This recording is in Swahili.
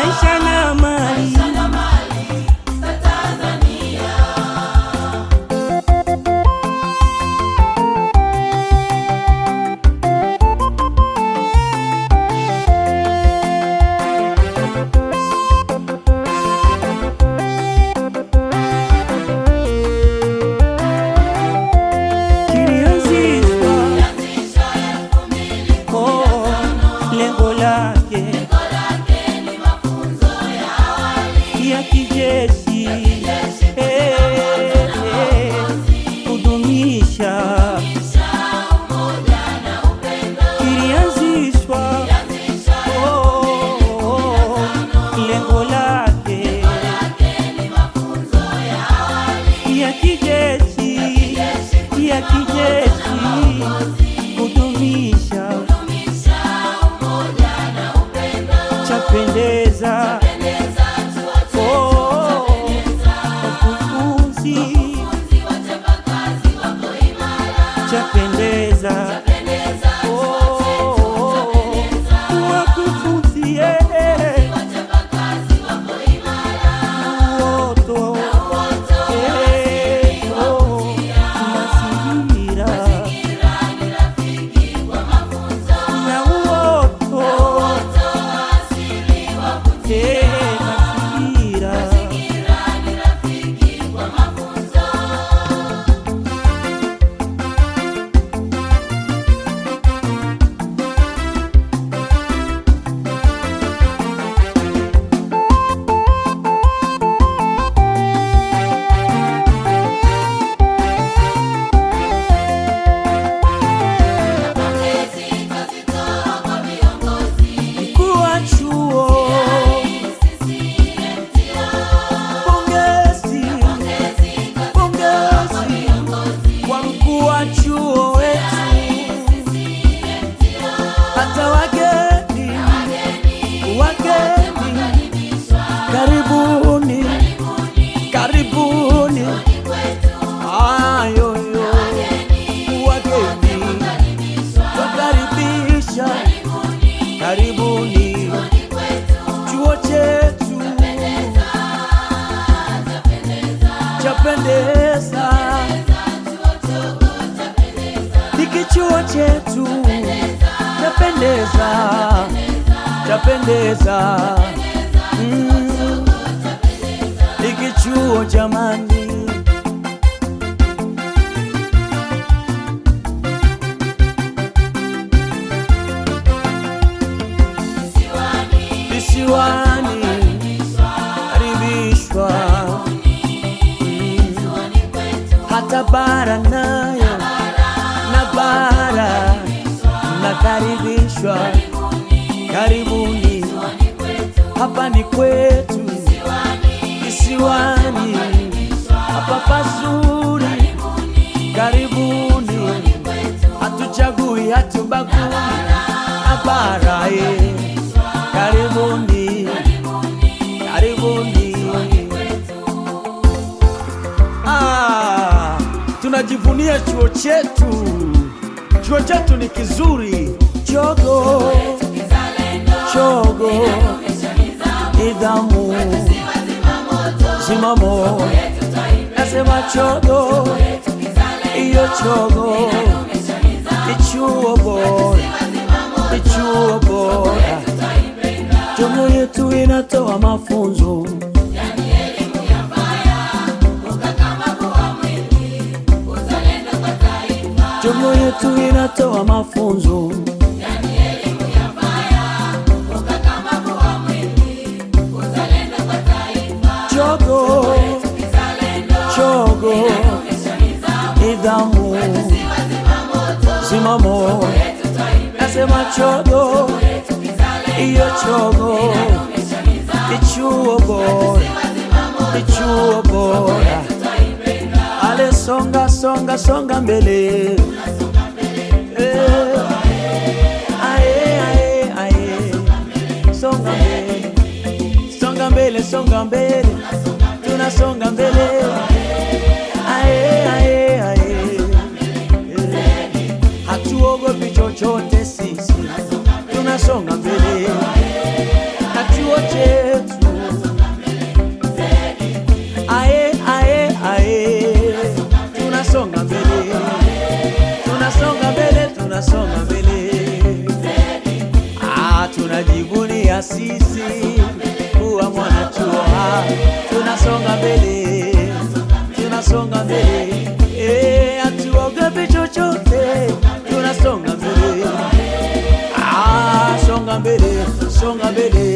maisha na maquillé. Karibuni chuo chetu chapendeza, hiki chuo chetu chapendeza, chapendeza mm. hiki chuo jamani. kufa mm. hata bara nayo na bara nakaribishwa, karibuni hapa ni kwetu kisiwani, hapa pazuri, karibuni, hatuchagui hatubagui, abara tujivunie chuo chetu. Chuo chetu ni kizuri, chogo chogo, nidhamu simamo, nasema chogo, iyo chogo ichuo chuo bora, ni bora. yetu inatoa mafunzo Midomo yetu inatoa mafunzo yaani Nidhamu, simamo, nasema chogo, iyo chogo, ichuo bora, ichuo bora mbele, songa songa eh, songa mbele, songa mbele, songa mbele songa mbele